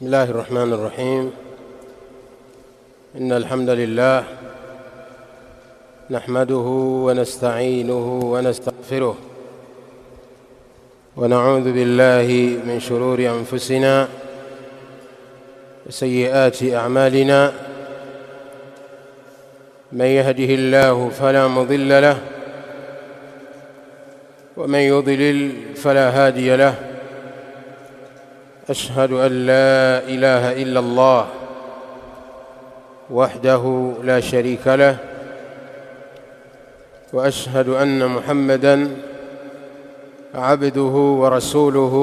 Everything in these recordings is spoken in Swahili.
بسم الله الرحمن الرحيم إن الحمد لله نحمده ونستعينه ونستغفره ونعوذ بالله من شرور أنفسنا وسيئات أعمالنا من يهده الله فلا مضل له ومن يضلل فلا هادي له اشهد ان لا اله الا الله وحده لا شريك له واشهد ان محمدا عبده ورسوله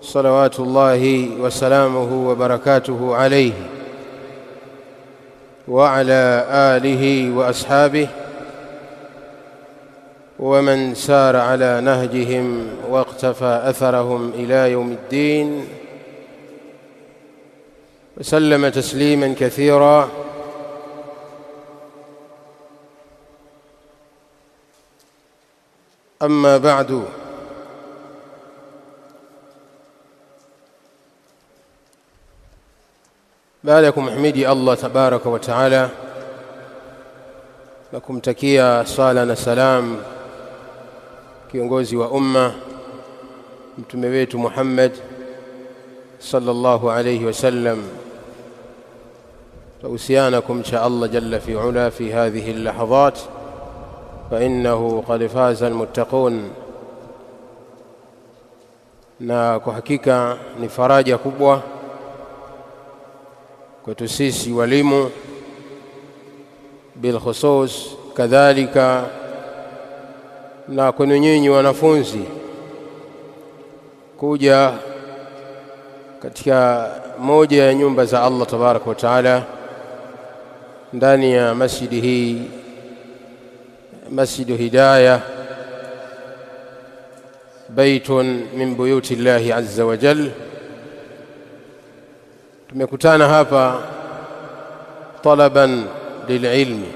صلوات الله وسلامه وبركاته عليه وعلى اله واصحابه ومن سار على نهجهم واقتفى اثرهم الى يوم الدين وسلم تسليما كثيرا اما بعد بعدكم حميدي الله تبارك وتعالى لكم تكيا صالنا سلام kiongozi wa umma mtume wetu Muhammad sallallahu alayhi wasallam jalla fi ula fi hadhihi al في fa innahu qad faza al-muttaqun na kwa hakika ni faraja kubwa kwetu sisi walimu bil khusus kadhalika na kwenu nyinyi wanafunzi kuja katika moja ya nyumba za Allah tabaraka wa taala ndani ya masjidi hii masjidu Hidaya baitun min buyuti llahi azza wa jal. Tumekutana hapa talaban lililmi,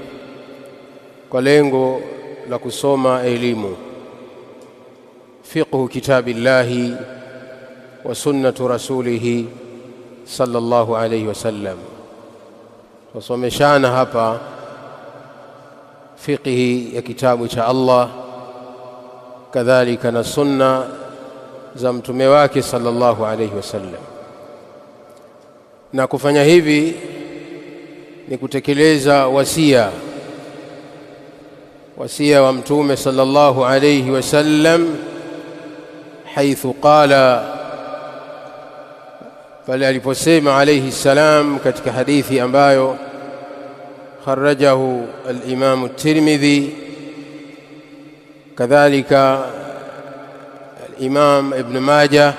kwa lengo la kusoma elimu fiqhu kitabillahi wa sunnatu rasulihi sallallahu alayhi wasallam. Twasomeshana hapa fiqhi ya kitabu cha Allah, kadhalika na sunna za mtume wake sallallahu alayhi wasallam, na kufanya hivi ni kutekeleza wasia وسيا ومتومه صلى الله عليه وسلم حيث قال بل الفسيم عليه السلام كتك حديث أمبايو خرجه الإمام الترمذي كذلك الإمام ابن ماجه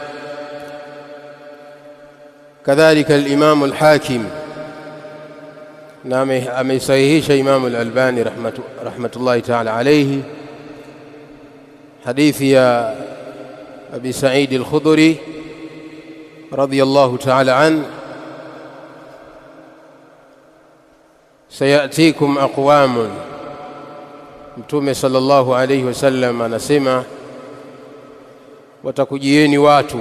كذلك الإمام الحاكم نعم أميسيه إمام الألباني رحمة, رحمة الله تعالى عليه حديث يا أبي سعيد الخضري رضي الله تعالى عنه sayatikum aqwamun, Mtume sallallahu alayhi wasallam anasema watakujieni watu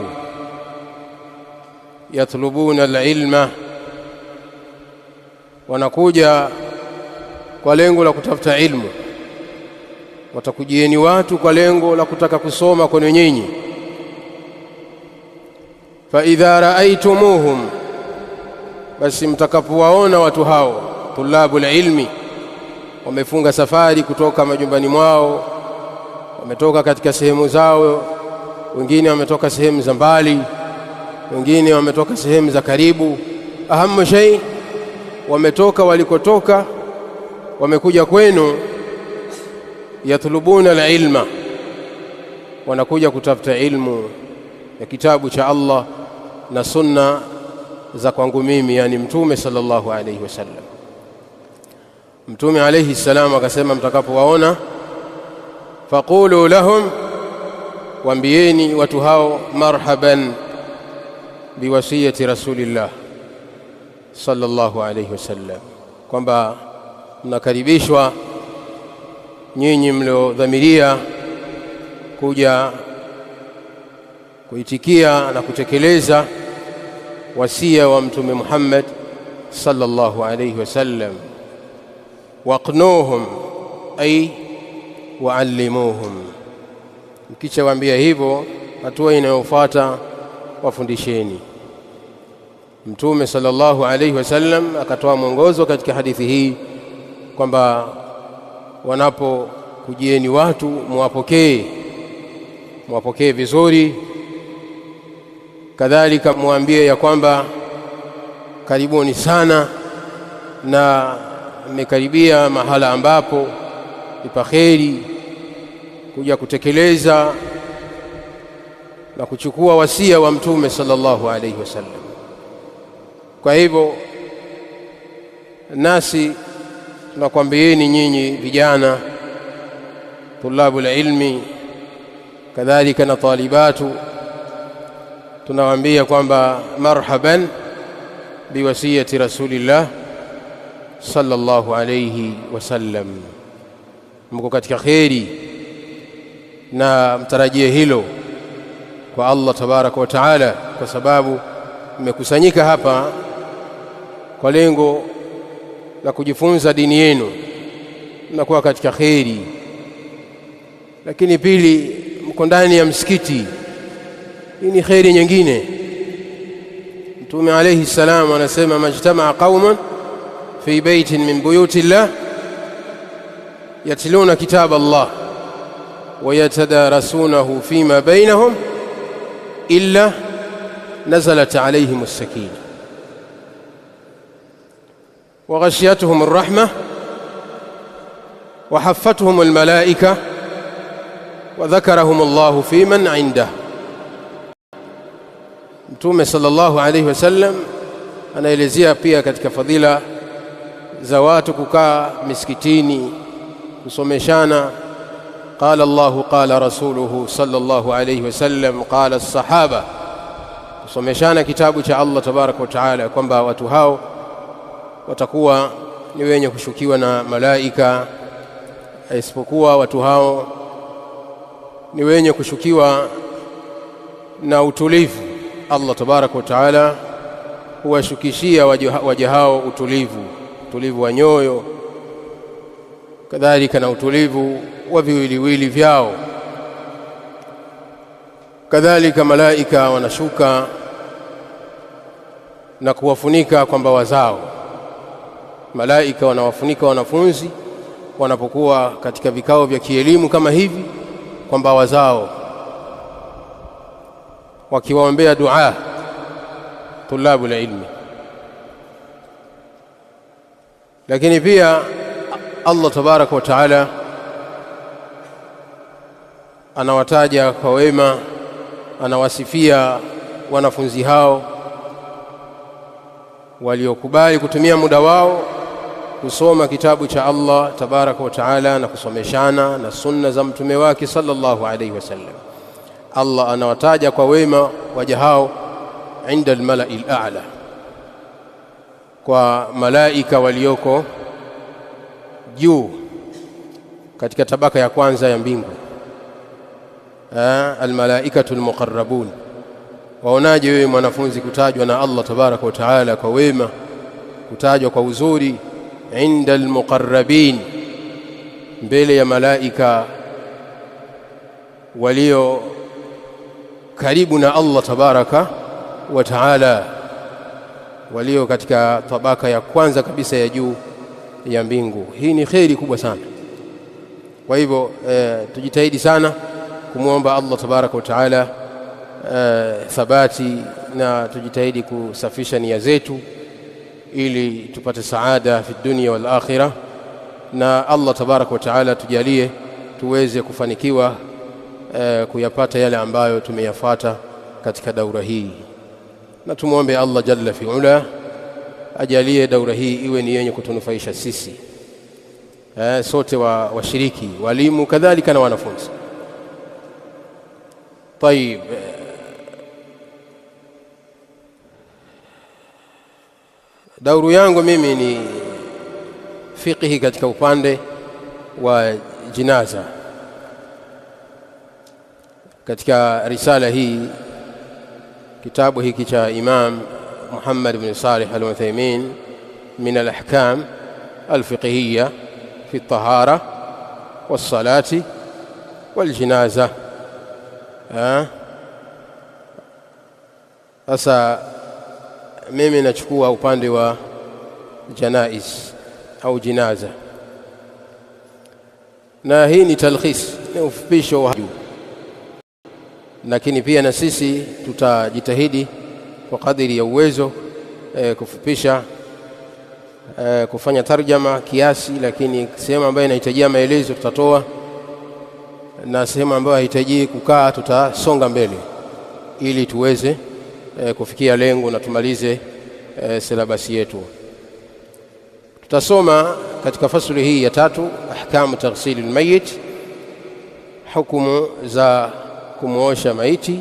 yatlubuna alilma wanakuja kwa lengo la kutafuta ilmu, watakujieni watu kwa lengo la kutaka kusoma kwenu nyinyi. Fa idha raaitumuhum, basi mtakapowaona watu hao, tulabu lilmi, wamefunga safari kutoka majumbani mwao, wametoka katika sehemu zao, wengine wametoka sehemu za mbali, wengine wametoka sehemu za karibu. Ahamu shei wametoka walikotoka, wamekuja kwenu, yatlubuna alilma, wanakuja kutafuta ilmu ya kitabu cha Allah na sunna za kwangu mimi, yani Mtume sallallahu alayhi wasallam. Mtume alayhi salam akasema, mtakapowaona faqulu lahum, waambieni watu hao marhaban biwasiyati rasulillah sallallahu alayhi wasallam, kwamba mnakaribishwa nyinyi mliodhamiria kuja kuitikia na kutekeleza wasia wa Mtume Muhammad sallallahu alayhi wasallam. Waqnuhum ay waallimuhum, mkichawaambia hivyo, hatua inayofuata wafundisheni. Mtume sallallahu alayhi wasallam akatoa mwongozo katika hadithi hii kwamba wanapokujieni watu muwapokee, muwapokee vizuri. Kadhalika muambie ya kwamba karibuni sana na mmekaribia mahala ambapo ipaheri kuja kutekeleza na kuchukua wasia wa Mtume sallallahu alayhi wasallam. Kwa hivyo nasi tunakwambieni nyinyi vijana tulabu la ilmi kadhalika na talibatu, tunawaambia kwamba marhaban biwasiyati rasulillah sallallahu alayhi wasallam, mko katika khairi na mtarajie hilo kwa Allah tabarak wa taala, kwa sababu mmekusanyika hapa kwa lengo la kujifunza dini yenu, mnakuwa katika kheri. Lakini pili, mko ndani ya msikiti, hii ni kheri nyingine. Mtume alayhi salam anasema, majtamaa qaumun fi baitin min buyuti llah yatiluna kitab Allah wa fima bainahum illa nazalat alayhim as-sakina وغشيتهم الرحمة وحفتهم الملائكة وذكرهم الله في من عنده Mtume sallallahu alaihi wasallam anaelezea pia katika fadhila za watu kukaa misikitini kusomeshana qala Allahu qala rasuluhu sallallahu alaihi wasallam qala as-sahaba kusomeshana kitabu cha Allah tabaraka wa taala kwamba watu hao watakuwa ni wenye kushukiwa na malaika, isipokuwa watu hao ni wenye kushukiwa na utulivu. Allah tabaraka wa taala huwashukishia waja hao utulivu, utulivu wa nyoyo, kadhalika na utulivu wa viwiliwili vyao. Kadhalika malaika wanashuka na kuwafunika kwa wazao malaika wanawafunika wanafunzi wanapokuwa katika vikao vya kielimu kama hivi kwamba wazao wakiwaombea dua tulabu la ilmi. Lakini pia Allah tabaraka wa taala anawataja kwa wema, anawasifia wanafunzi hao waliokubali kutumia muda wao kusoma kitabu cha Allah tabaraka wa taala na kusomeshana na sunna za mtume wake sallallahu alaihi wasallam. Allah anawataja kwa wema waja hao inda almalai alala, kwa malaika walioko juu katika tabaka ya kwanza ya mbingu. Almalaikatu almuqarrabun. Waonaje wewe mwanafunzi kutajwa na Allah tabaraka wa taala kwa wema, kutajwa kwa uzuri inda almuqarrabin, mbele ya malaika walio karibu na Allah tabaraka wa taala, walio katika tabaka ya kwanza kabisa ya juu ya mbingu. Hii ni kheri kubwa sana. Kwa hivyo eh, tujitahidi sana kumwomba Allah tabaraka wa taala eh, thabati na tujitahidi kusafisha nia zetu ili tupate saada fi dunia wal akhirah, na Allah tabaraka wa taala tujalie tuweze kufanikiwa e, kuyapata yale ambayo tumeyafata katika daura hii, na tumwombe Allah jalla fi ula ajalie daura hii iwe ni yenye kutunufaisha sisi e, sote wa washiriki, walimu kadhalika na wanafunzi. Tayib. Eh, Dauru yangu mimi ni fiqhi katika upande wa jinaza. Katika risala hii, kitabu hiki cha Imam Muhammad ibn Salih Al-Uthaymeen min al-ahkam al-fiqhiyya fi at-tahara was-salati wal-jinaza. ha Sasa Mimi nachukua upande wa janais au jinaza, na hii ni talkhis, ni ufupisho wa juu, lakini pia na sisi tutajitahidi kwa kadiri ya uwezo e, kufupisha e, kufanya tarjama kiasi, lakini sehemu ambayo inahitajia maelezo tutatoa, na sehemu ambayo haihitaji kukaa tutasonga mbele ili tuweze eh, kufikia lengo na tumalize eh, silabasi yetu. Tutasoma katika fasuli hii ya tatu, ahkamu taghsili lmayit, hukumu za kumwosha maiti,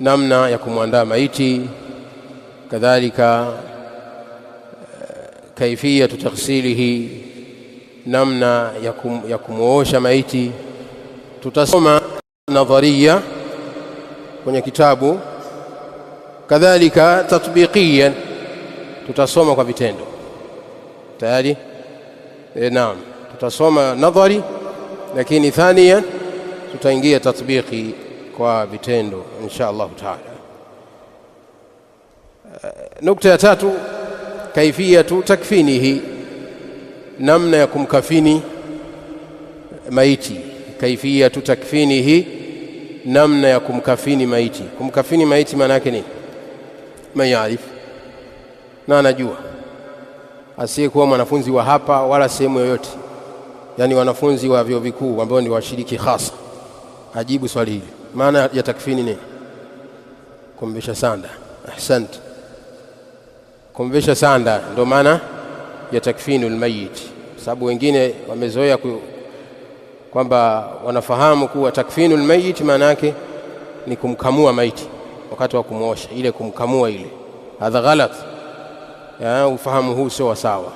namna ya kumwandaa maiti, kadhalika eh, kaifiyatu taghsilihi, namna ya, kum, ya kumwosha maiti. Tutasoma nadharia kwenye kitabu kadhalika tatbiqiyan tutasoma kwa vitendo tayari e, naam tutasoma nadhari lakini thania tutaingia tatbiki kwa vitendo insha Allah taala e, nukta ya tatu kaifiyatu takfinihi namna ya kumkafini maiti kaifiyatu takfinihi namna ya kumkafini maiti kumkafini maiti maana yake nini man yaarifu, na anajua asiyekuwa mwanafunzi wa hapa wala sehemu yoyote, yaani wanafunzi wa vyuo vikuu ambao ni washiriki hasa, ajibu swali hili. Maana ya takfini nini? Kumvisha sanda. Ahsanta, kumvisha sanda ndio maana ya takfinu almayit, sababu wengine wamezoea kwamba wanafahamu kuwa takfinu lmayiti maana yake ni kumkamua maiti wakati wa kumwosha ile kumkamua ile, hadha ghalat. Ufahamu huu sio sawa.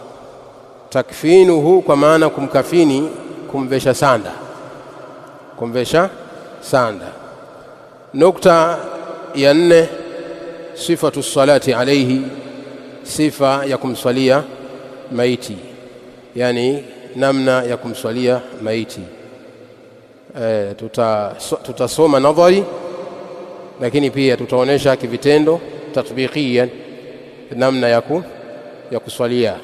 takfinu huu kwa maana kumkafini, kumvesha sanda, kumvesha sanda. Nukta ya nne, sifatu salati alaihi, sifa ya kumswalia maiti, yani namna ya kumswalia maiti. E, tutasoma tuta nadhari lakini pia tutaonesha kivitendo tatbikian namna ya ku ya kuswalia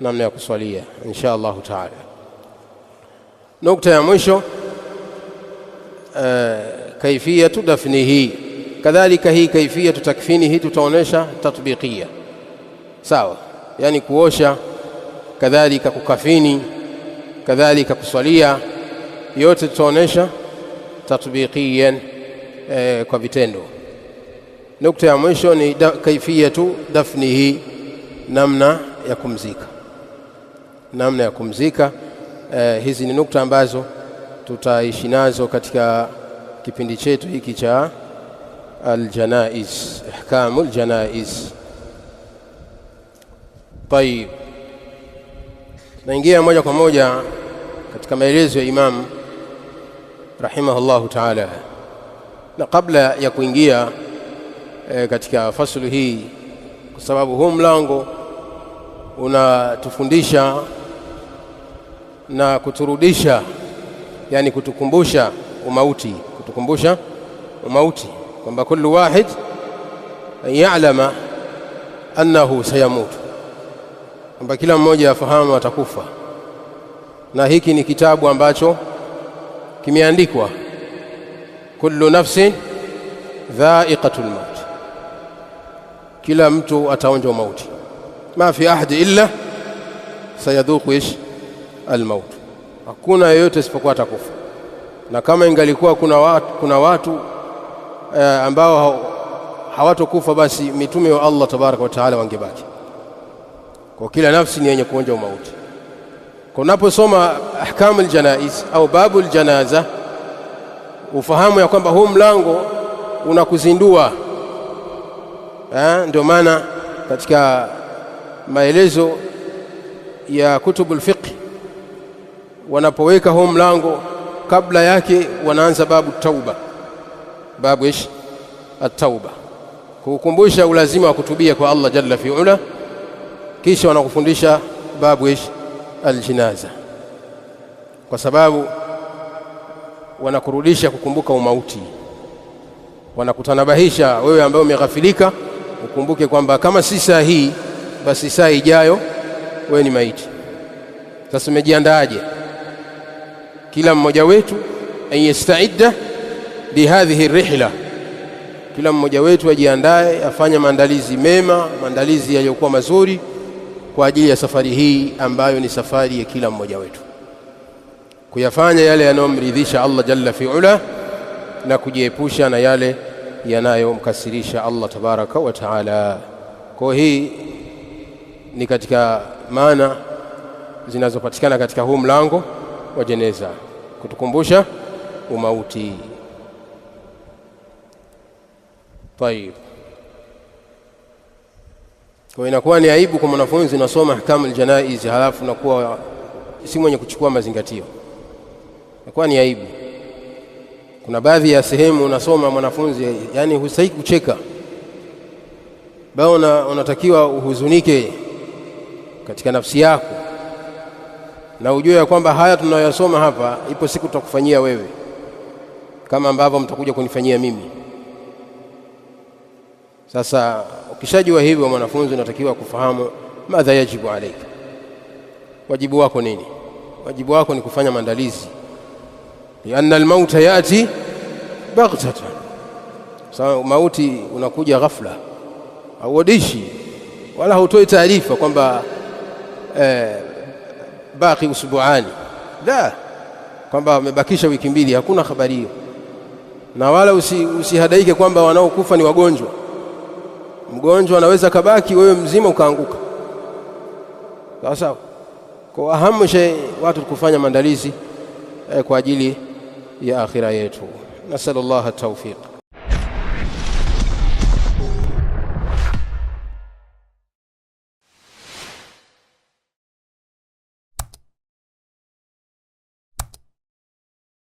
namna ya kuswalia insha Allahu taala. Nukta ya mwisho eh, kaifiyatu dafnihi. Kadhalika hii kaifiyatu takfinihi tutaonesha tatbikia, sawa, yani kuosha, kadhalika kukafini, kadhalika kuswalia, yote tutaonesha tatbikian eh, kwa vitendo. Nukta ya mwisho ni da, kaifiyatu dafnihi, namna ya kumzika, namna ya kumzika. Eh, hizi ni nukta ambazo tutaishi nazo katika kipindi chetu hiki cha aljanaiz, ihkamul janaiz. Tayib, naingia moja kwa moja katika maelezo ya Imam rahimahullahu taala. Na kabla ya kuingia e, katika fasulu hii, kwa sababu huu mlango unatufundisha na kuturudisha, yani kutukumbusha umauti, kutukumbusha umauti kwamba kullu wahid an ya'lama annahu sayamutu, kwamba kila mmoja afahamu atakufa. Na hiki ni kitabu ambacho kimeandikwa kullu nafsin dhaiqatul maut, kila mtu ataonja mauti. Ma fi ahadi illa sayadhuku ish almaut, hakuna yeyote isipokuwa atakufa. Na kama ingalikuwa kuna watu, kuna watu e, ambao hawatokufa basi mitume wa Allah tabaraka wa taala wangebaki, kwa kila nafsi ni yenye kuonja mauti. Kunaposoma ahkamul janaiz au babul janaza ufahamu ya kwamba huu mlango unakuzindua. Ndio maana katika maelezo ya kutubul fiqh wanapoweka huu mlango, kabla yake wanaanza babu tauba, babu ish atauba kukumbusha kukukumbusha ulazima wa kutubia kwa Allah jalla fiula kisha wanakufundisha babu ish aljinaza, kwa sababu wanakurudisha kukumbuka umauti, wanakutanabahisha wewe ambaye umeghafilika, ukumbuke kwamba kama si saa hii, basi saa ijayo wewe ni maiti. Sasa umejiandaaje? Kila mmoja wetu an yastaidda lihadhihi rihla, kila mmoja wetu ajiandae, afanye maandalizi mema, maandalizi yaliyokuwa mazuri kwa ajili ya safari hii ambayo ni safari ya kila mmoja wetu kuyafanya yale yanayomridhisha Allah jalla fiula na kujiepusha na yale yanayomkasirisha Allah tabaraka wa taala. Kwa hii ni katika maana zinazopatikana katika huu mlango wa jeneza kutukumbusha umauti. Tayib. Kwa inakuwa ni aibu kwa mwanafunzi unasoma ahkamu janaiz halafu unakuwa si mwenye kuchukua mazingatio. Inakuwa ni aibu. Kuna baadhi ya sehemu unasoma mwanafunzi, yani hustahii kucheka bao unatakiwa uhuzunike katika nafsi yako na ujue ya kwamba haya tunayoyasoma hapa, ipo siku tutakufanyia wewe kama ambavyo mtakuja kunifanyia mimi. Sasa ukishajua hivyo, mwanafunzi unatakiwa kufahamu madha yajibu alaika, wajibu wako nini? Wajibu wako ni kufanya maandalizi lianna almauta yati baghtatan, sababu mauti unakuja ghafla, hauodishi wala hautoi taarifa kwamba eh, baki usbuani la kwamba wamebakisha wiki mbili, hakuna habari hiyo, na wala usihadaike kwamba wanaokufa ni wagonjwa. Mgonjwa anaweza kabaki, wewe mzima ukaanguka, sawa sawa. Kwa ahamu shei watu kufanya maandalizi eh, kwa ajili يا آخر آياته نسأل الله التوفيق